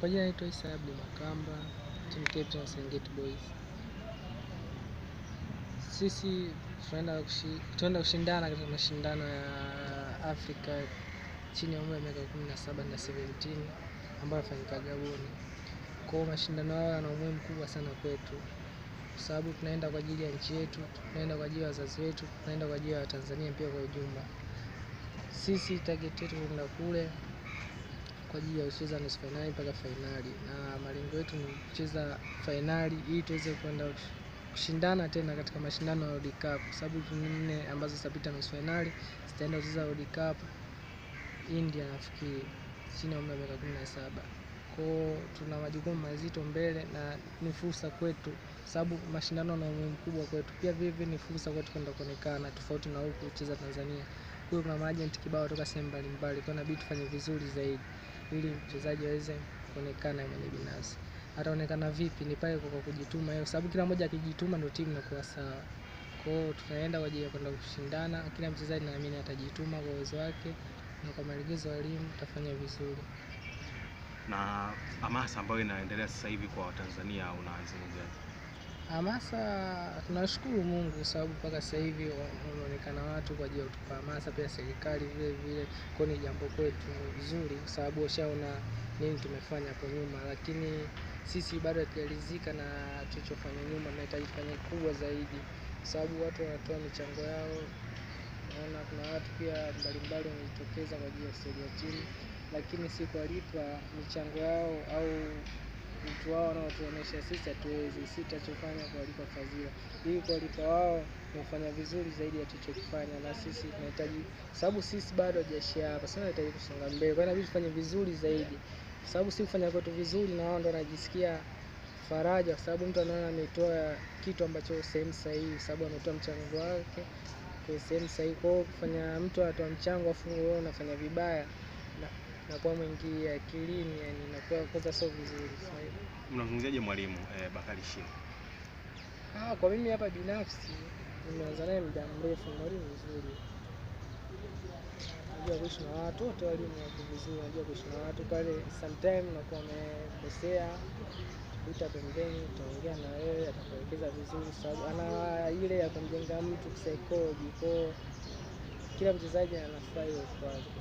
Kwa jina naitwa Isa Abdi Makamba, team captain wa Serengeti Boys. Sisi tunaenda kushi, kushindana katika mashindano ya Afrika chini ya umri wa miaka saba na 17 ambayo yafanyika Gaboni. Kwa hiyo mashindano hayo yana umuhimu mkubwa sana kwetu, kwa sababu tunaenda kwa ajili ya nchi yetu, tunaenda kwa ajili ya wazazi wetu, tunaenda kwa ajili ya Watanzania pia kwa ujumla. Sisi target yetu kwenda kule kwa ajili ya kucheza nusu fainali mpaka fainali, na malengo yetu ni kucheza fainali ili tuweze kwenda kushindana tena katika mashindano ya World Cup, kwa sababu timu nne ambazo zitapita nusu fainali zitaenda kucheza World Cup India, nafikiri chini ya umri wa miaka kumi na saba. Kwao tuna majukumu mazito mbele na ni fursa kwetu, sababu mashindano na umuhimu mkubwa kwetu. Pia vile ni fursa kwetu kwenda kuonekana tofauti na huku kucheza Tanzania. Kwa kuna maajenti kibao kutoka sehemu mbalimbali, kwa inabidi tufanye vizuri zaidi ili mchezaji aweze kuonekana mwenye binafsi. Ataonekana vipi? Ni pale kwa kujituma yeye, sababu kila mmoja akijituma ndio timu inakuwa sawa. Kwa hiyo tunaenda kwa ajili ya kwenda kushindana, kila mchezaji naamini atajituma kwa uwezo wake na kwa maelekezo ya walimu tutafanya vizuri. Na hamasa ambayo inaendelea sasa hivi kwa Watanzania unaizungumziaje? Hamasa tunashukuru Mungu sababu mpaka sasa hivi wanaonekana watu kwa ajili ya kutupa hamasa, pia serikali vile vile, kwa ni jambo kwetu vizuri, kwa sababu washaona nini tumefanya hapo nyuma, lakini sisi bado hatujaridhika na tulichofanya nyuma. Tunahitaji kufanya kubwa zaidi, kwa sababu watu wanatoa michango yao. Naona kuna watu pia mbalimbali wamejitokeza kwa ajili ya kusaidia timu, lakini si kuwalipa michango yao au mtu wao wanaotuonyesha sisi hatuwezi, si tutachofanya kuwalipa fadhila, ili kuwalipa wao na kufanya vizuri zaidi ya tulichokifanya, na sisi tunahitaji, sababu sisi bado hatujaishia hapa, sasa tunahitaji kusonga mbele, kwa inabidi tufanye vizuri zaidi, sababu si kufanya kwetu vizuri, na wao ndo wanajisikia faraja, kwa sababu mtu anaona ametoa kitu ambacho sehemu sahihi, sababu ametoa mchango wake kwa sehemu sahihi. Kwa hiyo kufanya mtu anatoa mchango afu wewe unafanya vibaya na nakuwa mwingi akilini, yani nakuwa kwanza sio vizuri. Sasa hivi mnazungumziaje mwalimu eh, Bakari Shina? Ah, kwa mimi hapa binafsi nimeanza naye muda mrefu, mwalimu mzuri, najua kuishi na watu wote, walimu wako vizuri, najua kuishi na watu pale. Sometime nakuwa amekosea kuita pembeni, utaongea na wewe, atakuelekeza vizuri, sababu ana ile ya kumjenga mtu kisaikolojia. Kwa kila mchezaji anafurahi uwezo wake.